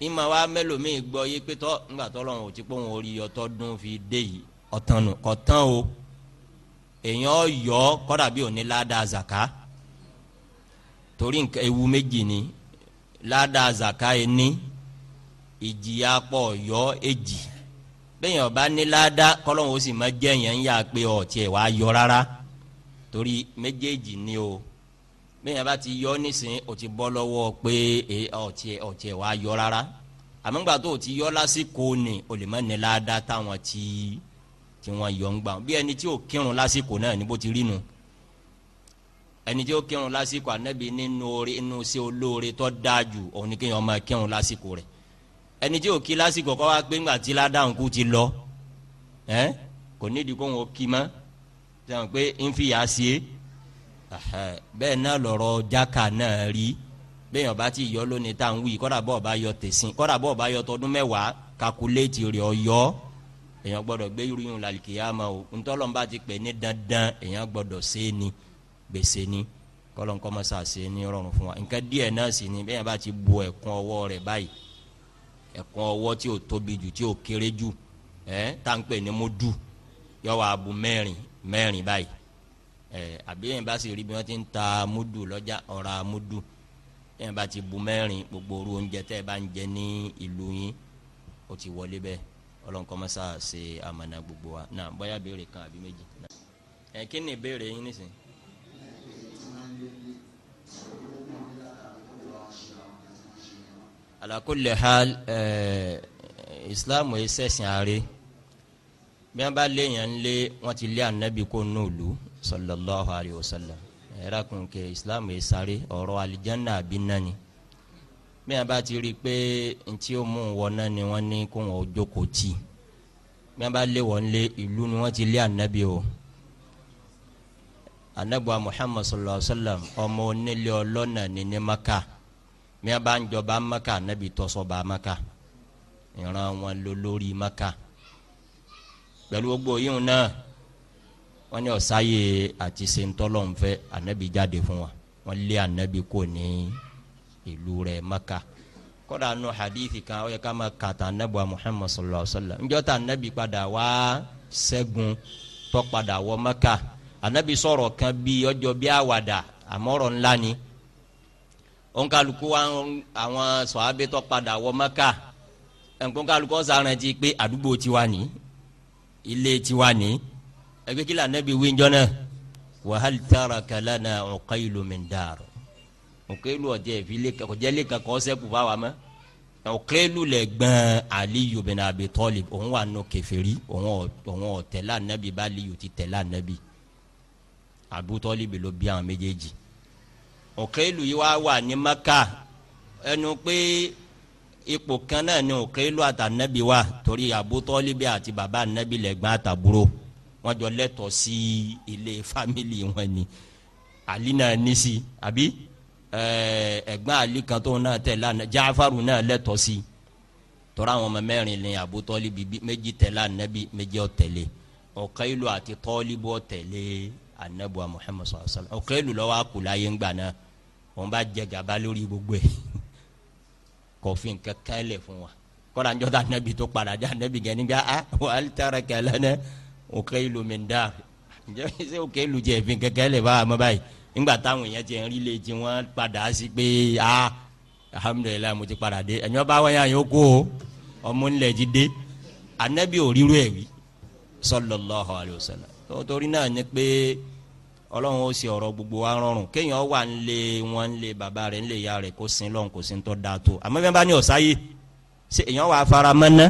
ìmọ̀ wa mẹ́lòmíì gbọ́ yé pé tọ́ ńgbà tọ́ lọ́run ò ti pé òun orí ọtọ́ dún fi dé yìí ọ̀tàn nù o èèyàn yọ kọ́dà òní ládàá zaka torí ewu méjì ni ládàá zaka yìí ní ìjìyà pọ̀ yọ èjì bẹ́ẹ̀ yẹn ọba ní ládàá kọ́lọ́run ó sì máa jẹ́ yẹn ń yà pé ọ̀ tiẹ̀ wá yọ rárá torí méjèèjì ni o bẹ́ẹ̀ bá ti yọ nísìnyí o ti bọ́ lọ́wọ́ pé ẹ ọ̀tiẹ̀ ọ̀tiẹ̀ wàá yọ rárá àmọ́gbà tó o ti yọ lásìkò ni o lè má ní ládàá táwọn tí tí wọ́n yọ ń gbà bí ẹni tí o kírun lásìkò náà ní bó ti rí nu ẹni tí o kírun lásìkò ànábì nínú orí inú sí olóore tó dáa jù òun ni kéèyàn máa kírun lásìkò rẹ̀ ẹni tí o kí lásìkò kọ́ wa pé ńgbà tí ládàá ń kú ti lọ ẹ kò nídìí kó wọn kí mọ́ sẹ́wọ̀n pé ń fi yà á sí é bẹ́ẹ̀ náà lọ̀rọ̀ jáka náà rí bẹ́ẹ̀ yọ̀ọ́ bá ti yọ lónìí tá à ń wí kọ́dà bọ́ọ̀ bá yọ tẹ̀sìn kọ́dà bọ́ọ̀ bá yọ tọdún mẹ́wàá kakuléètì rẹ̀ ọ̀yọ́ èèyàn gbọ́dọ̀ gbé irú yìí làlìkìyàmà o ntọ́lọ́n bá ti pè ní dandan èèyàn gbọ́dọ̀ ṣe é ni gbèsè ni kọ́lọ́n kọ́ mọ́sá ṣe é ní rọrùn fún wa nǹkan díẹ̀ náà sì ni bẹ́ẹ̀ bá ti bu ẹ̀kún ọwọ́ rẹ̀ báyìí ẹ̀kún ọwọ́ tí ò tóbi jù tí ò kéré jù ẹ̀ tá à mo dù yọ wá bu mẹ́rin mẹ́rin báyìí ẹ àbí yẹn bá sì rí bí wọ́n ti ń ta múdù lọ́jà ọ̀ra múdù yẹn bá ti bu mẹ́rin gbogbo oru oúnjẹ tẹ́ ẹ bá ń jẹ ní ìlú yín ó ti wọlé bẹ́ẹ̀ ọlọ́run kọ́ ṣe àmàna gbogbo wa náà bóyá béèrè kan àbí méjì. ẹ kí ni ìbéèrè yín nísìn. ala hal ẹ islam ẹ sẹ̀sìn àárẹ̀. bí wọn bá léèyàn lé wọn ti lé anabi kó n'olu sallallahu alayhi wa sallam ẹ̀rọ islam yìí sáré ọ̀rọ̀ alijanna àbí nani bí wọn bá ti rí i pé ntí ó mú wọn náà ni wọn ní kó wọn jókòó tì bí wọn ti lé anabi o anabuwa muhammad sallallahu alaihi wa sallam ọmọ onílé ọlọ́nà maka bí wọn bá maka anabi maka ìran wọn lólórí maka. pẹ̀lú gbogbo yíyún náà wọ́n ní ọ̀sáyé àti sentọ́lọ́ nfẹ́ anabi jáde fún wa wọ́n lé anabi kò ní ìlú rẹ̀ maka kódà nù hadithi kan ó yẹ ká máa kàtà anabi wa muhammad sallallahu alaihi wa sallam njọ́ta anabi padà wá ṣẹ́gun tó padà wọ maka anabi sọ̀rọ̀ kan bí ọjọ́ bí àwàdà àmọ́rọ̀ ńlá ni onkaluku àwọn sọ̀hábẹ́tọ̀ padà wọ maka nǹkan kaluku ọ̀sán rántí pé àdúgbò tiwa nìyí ilé tiwa ni ẹgbẹ́ la nẹ́bi wíjọ́ náà wàhálì tààrà kàlà náà ọ̀ka ìlú mi dàrú ọ̀ka ìlú ọ̀jẹ̀ ìfilé ọ̀jẹ̀ ilé kan kọ́ sẹ́kù bá wa mọ́ ọ̀ka ìlú lẹ̀ gbọ́n aliyu bin abi tọ́lib òun wà nù kẹfẹ́rí òun ọ̀tẹ̀lá nẹ́bi bá aliyu ti tẹ̀lá nẹ́bi abu tọ́lib ló bí àwọn méjèèjì ọ̀ka ìlú yìí wá maka ẹnu pé ipò kan náà ni òkè ló àtànẹ́bí wa torí Abu Tọ́líbì àti bàbá ànẹ́bí lẹ́gbọ́n àtàbúrò wọ́n jọ lẹ́tọ̀ọ́ sí ilé fámìlì wọn ni Ali náà nísì àbí ẹ̀gbọ́n Ali kan tó náà tẹ̀lé Jáfàrù náà lẹ́tọ̀ọ́ sí tọ́ra àwọn ọmọ mẹ́rin ni Abu Tọ́líbì méjì tẹ̀lé ànẹ́bí méjì ọ̀tẹ̀lé òkè ló àti Tọ́líbì ọ̀tẹ̀lé ànẹ́bùwà Muhammad sallallahu alaihi wasallam òkè ló lọ́wọ́ àkùlá yẹn gbà náà wọ́n bá kọfin ka le fún wa kọ́ra ń jọta anabi tó padà dé anabi gẹ̀ nígbà a wà á tara kẹlẹ́ nẹ o kẹ́ ìlú mi dá ǹjẹ́ ṣé o kẹ́ ìlú jẹ ìfin kẹ́kẹ́ lè bá a mọ́ báyìí nígbà táwọn èèyàn jẹ ńrí lè jí wọ́n padà sí pé a ah, alhamdulilayi mo ti padà dé ẹ̀yọ́ bá wáyà yóò kó o ọmọ ńlẹ̀ jí dé anabi ò ríru ẹ̀ wí sallallahu alaihi wasallam tó torí náà ni pé ọlọ́run ó ṣe ọ̀rọ̀ gbogbo wa rọrùn kéèyàn wà ń lé wọn ń lé bàbá rẹ̀ ń lé ìyá rẹ̀ kó sin lọ́run kó sin tó da tó àmọ́ bí wọ́n bá ní ọ̀sá yìí ṣe èèyàn wà fara mọ́ná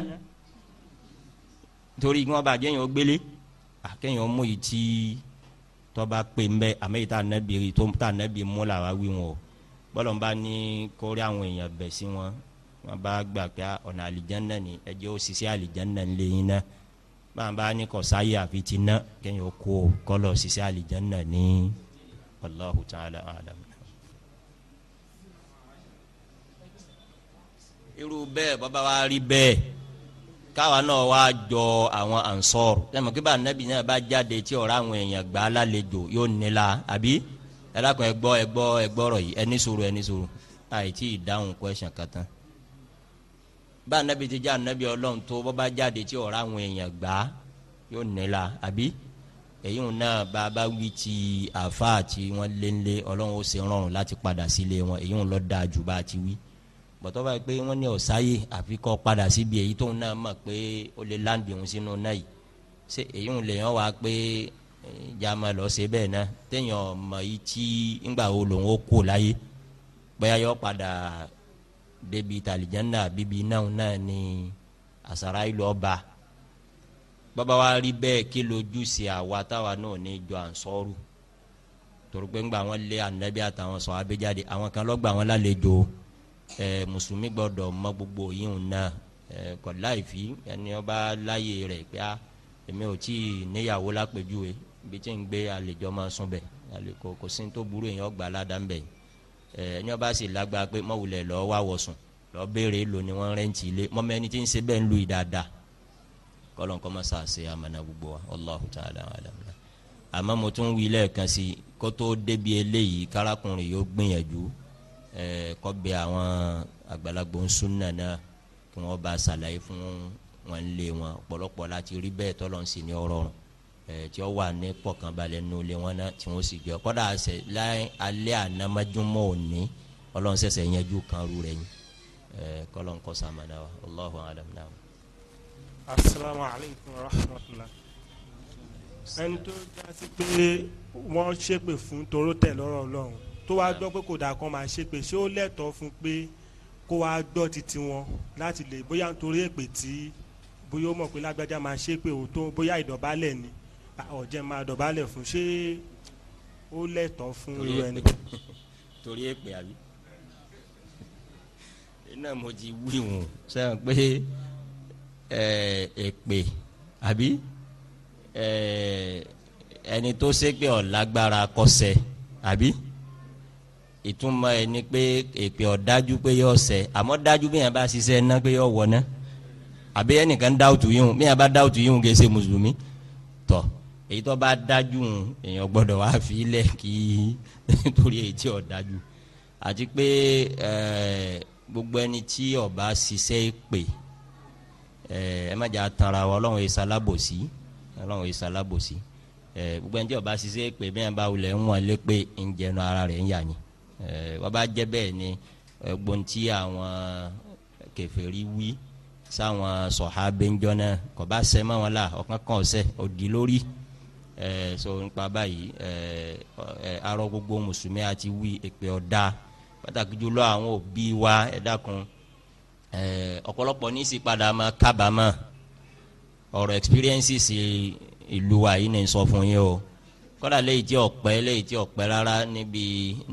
torí wọn bá kéèyàn gbélé kéèyàn mú yìí tí tọ́ba pè ń bẹ́ àmọ́ yìí tá nẹ́bi rí tó tá nẹ́bi mú làwa wí wọn o bọ́lọ̀ ń bá ní kórí àwọn èèyàn bẹ̀ sí wọn wọn bá gbà pé ọ̀nà àlìjánnà ni ẹ ó ṣiṣẹ́ àlìjánnà ńlẹ̀ yín náà bàbá ní kò sáyé àfi ti ná kéèyàn kó o kọ́ lọ ṣiṣẹ́ àlìjánná ní Allahu ta'ala alam. irú bẹ́ẹ̀ bàbá wa rí bẹ́ẹ̀ káwa náà wá jọ àwọn ansor lẹ́mọ̀ kí bá anabi náà bá jáde tí ọ̀rọ̀ àwọn èèyàn gbà á lálejò yóò nílá àbí ẹ̀dá kan ẹ̀gbọ́ ẹ̀gbọ́ ẹ̀gbọ́rọ̀ yìí ẹni sùúrù ẹni sùúrù àìtí ìdáhùn question kan bá anabi ti jẹ anabi Ọlọ́run tó bọba jáde tí ọ̀rọ̀ àwọn èèyàn gbà á yóò nílà àbí èyí ń náà bàbá wí ti àfa àti wọn léńlé Ọlọ́run ó ṣe rọrùn láti padà sílé wọn èyí ń lọ dáa jù bá a ti wí bọ̀tọ́ báyìí pé wọ́n ní ọ̀sáyé àfi kọ́ padà síbi èyí tóun náà mọ̀ pé ó lè láǹdì òun sínú náà yìí ṣé èyí ń wá pé jama lọ ṣe bẹ́ẹ̀ náà téèyàn mọ̀ yìí ńgbà wo lòun ó kó láyé bóyá yọ padà débi tàlìjánná bíbi náà náà ni àsàrà ìlú ọba bàbá wa rí bẹ́ẹ̀ kí lójú sí àwa táwa náà ní jọ ànsọ́rù torí pé ńgbà wọn lé ànábì àtàwọn sọ abéjáde àwọn kan lọ́gbà wọn lálejò ẹ mùsùlùmí gbọ́dọ̀ mọ gbogbo yìí náà ẹ kọ̀ láìfí ẹni ọba láyè rẹ̀ pé a ah, èmi ò tí ì níyàwó lápèjúwe ibi tí ń gbé àlejò máa sún bẹ̀ àlekò kò sí ní tó burú èèyàn ọgbà aládàá ń bẹ̀ yìí ẹ ní wọn bá sì lágbára pé mọ̀wulẹ̀ lọ wá wọ̀sùn lọ béèrè èlò ni wọ́n rẹ́ǹtì ilé mọ́mọ ẹni tí ń ṣe bẹ́ẹ̀ ń lu ìdada kọ́lọ́n kọ́ máa ṣàṣe àmàna gbogbo wa Allahu ta'ala alamuna àmọ́ mo tún wí lẹ́ẹ̀kan sí kó tó débi eléyìí kárakùnrin yóò gbìyànjú ẹ kọ́ bẹ àwọn àgbàlagbò ń súnà náà kí wọ́n bá ṣàlàyé fún wọn lé wọn ọ̀pọ̀lọpọ̀ láti rí bẹ́ẹ̀ tọ́lọ́ ń sìn ní ọ̀rọ̀rùn tí ó wà ní pọkànbalẹ̀ nulẹ̀ wọn náà tí wọ́n sì jọ kọ́dà ṣe láì alẹ́ ànámájúmọ́ òní ọlọ́run ṣẹ̀ṣẹ̀ yanjú kan rú rẹ̀ yín kọ́lọ́n kọ́ sàmánà wa Allahu alam naam. asalaamualeykum wa rahmatulah ẹni tó jásí pé wọ́n ṣépè fún toró tẹ̀ lọ́rọ̀ ọlọ́run tó wá gbọ́ pé kò dà kan máa ṣépè ṣé ó lẹ́tọ̀ọ́ fún pé kó wá gbọ́ titi wọn láti lè bóyá nítorí èpè tí bóyá ó mọ̀ pé lágbájá máa ṣépè òótọ́ bóyá ìdọ̀bálẹ̀ ni ọ̀jẹ̀ máa dọ̀bálẹ̀ fún ṣé ó lẹ́tọ̀ọ́ fún irú ẹni. (laughs) torí èpè àbí iná mo ti wí wọn sẹ́wọ̀n pé èpè àbí ẹni tó ṣépè ọ̀lágbára kọsẹ̀ àbí ìtumọ̀ ẹ̀ ni pé èpè ọ̀dájú pé yọ ọ̀sẹ̀ àmọ́ dájú bí yẹn bá ṣiṣẹ́ ẹ̀ ná pé yọ wọ̀ ná àbí ẹnìkan dáwùtù yíhun bí yẹn bá dáwùtù yíhun kì í ṣe mùsùlùmí tọ̀ èyí tó bá dájú èèyàn gbọ́dọ̀ wá fi ilẹ̀ kí (laughs) nítorí èyí tí ò dájú àti pé eh, gbogbo ẹni tí ọba ṣiṣẹ́ pè eh, ẹ má jà tanra wa ọlọ́run èyí sálábòsí ọlọ́run èyí sálábòsí eh, gbogbo ẹni tí ọba ṣiṣẹ́ pè bí wọn bá wulẹ̀ ń wọn lé pé ń jẹnu ara rẹ̀ ń yà ni wọ́n bá jẹ́ bẹ́ẹ̀ ni gbogbo ti àwọn kèfèrí wí sáwọn sọ̀hábẹ́ńjọ́ náà kò bá sẹ́ mọ́ wọn la ọ̀kan kan ọ̀sẹ̀ òdì lórí ẹ sọ nípa báyìí ẹ ẹ arọ gbogbo mùsùlùmí àti wí èpè ọ̀dà pàtàkì jùlọ àwọn òbí wa ẹ dákun ọ̀pọ̀lọpọ̀ ní sì padà máa kábàámọ̀ ọ̀rọ̀ experiences ìlú wa yìí ní sọ fún yín o kọ́dà lẹ́yìn tí ọ̀pẹ́ lẹ́yìn tí ọ̀pẹ́ rárá níbi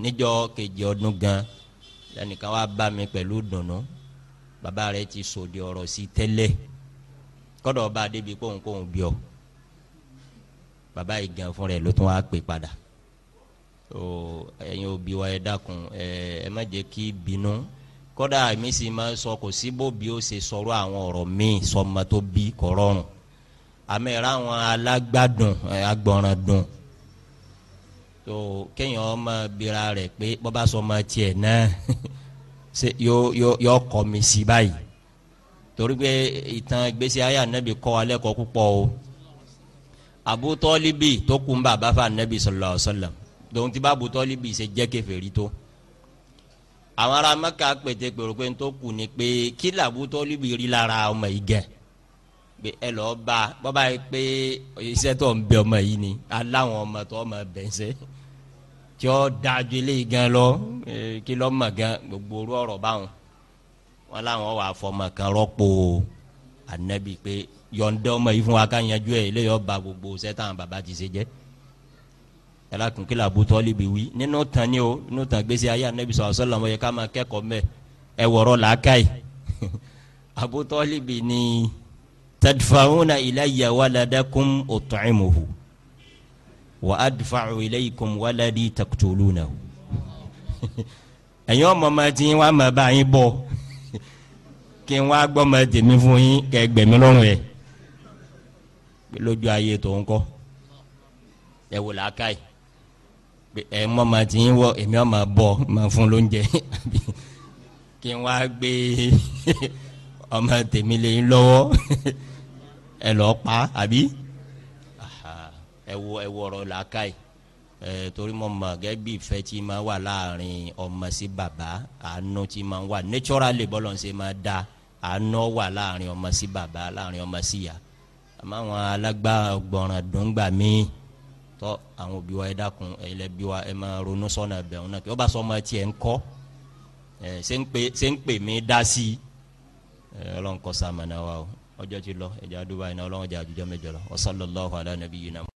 níjọ́ kejì ọdún gan lẹ́nìkan wá bá mi pẹ̀lú dùnnú bàbá rẹ̀ ti sòdì ọ̀rọ̀ sí tẹ́lẹ̀ kọ́dà ọba débi kóhùnkóhùn bí baba yìí gan fún rẹ ló tún wá pè padà o ẹ̀yin òbí wa ẹ dákun ẹ ẹ má jẹ́ kí bínú kódà èmi sì máa sọ kò sí bó bí ó ṣe sọ̀rọ̀ àwọn ọ̀rọ̀ míì sọmọ tó bí kò rọrùn àmì ẹ̀rọ àwọn alágbádùn agbọ̀ràn dùn tó kéèyàn ọmọ bira rẹ̀ pé bọ́bá sọmọ tiẹ̀ náà (laughs) yóò kọ́ mi sí báyìí torí pé ìtàn ìgbésí ayé ànábì kọ́ alẹ́ kọ́ púpọ̀ o abutọ́líbì tó kun bàbá fa nẹ́bí sallallahu alaihi wasallam dòun ti bá abutọ́líbì ṣe jẹ́ kèfèrí tó àwọn ará mẹ́ka pété pèròpé tó kù ni pé kí làbutọ́líbì rí lára ọmọ yìí gẹ̀ pé ẹ lọ́ọ́ bá bọ́bá yìí pé iṣẹ́ tó ń bẹ ọmọ yìí ni aláwọn ọmọ tó ọmọ bẹ̀nsẹ̀ tí ó dájú eléyìí gan lọ kí lọ́ọ́ mọ̀ gan gbogbo orú báwọn wọn làwọn wà fọmọ kan rọ́pò ànẹ́bí pé yọ̀ǹda ọmọ yìí fún wa ká yanjú ẹ̀ ilé yọ ba gbogbo sẹ́tàn bàbá ti ṣe jẹ́ ẹlẹ́kùn kí làbú tọ́lí bi wí nínú tán ni o nínú tán gbèsè ayé anabi sọ̀rọ̀ sọ́lá wọn yẹ ká máa kẹ́kọ̀ọ́ mẹ́ ẹ wọ̀rọ̀ làákàyè Abu (laughs) Talib ni tadfa'una ilayya waladakum ut'imuhu wa adfa'u ilaykum waladi taqtulunahu (laughs) ẹ̀yin ọmọ ma ti wá ma bá yín bọ̀ (laughs) kí n wá gbọ́ tèmi fún yín kẹ́ gbẹ̀mí lọ́rùn yẹn lójú ayé tòun kọ́ ẹ wò láàká yìí ẹ mọ́ ma ti ń wọ èmi ọ̀ ma bọ̀ ma fún lóúnjẹ (laughs) kí n wá gbé (laughs) ọmọ tèmi lè ń lọ́wọ́ (laughs) ẹ lọ́ọ́ pa àbí ẹ wo ẹ wọ̀rọ̀ làákà yìí ẹ torí mo mọ̀ gẹ́gẹ́ bí ìfẹ́ tí ma wà láàrin ọmọ sí bàbá àánú tí ma wà naturally bọ́lọ̀ ń ṣe ma da àánú wà láàrin ọmọ sí bàbá láàrin ọmọ sí ìyá àmọ́ àwọn alágbára dùngbà míì tọ́ àwọn òbí wa ẹ dákun ẹ̀yin lẹ bí wa ẹ máa ronú sọ́nà ẹ̀bẹ̀ òun náà kí wọ́n bá sọ ọmọ tiẹ̀ ń kọ́ ẹ̀ ṣé ń pè mí dá sí i ọlọ́run kọ́ sàmánà wa o ọjọ́ ti lọ ẹ̀jẹ̀ àdúrà iná ọlọ́run jẹ́ àjùjọ́ mẹ́jọ lọ wa sallallahu ala nabiyyina.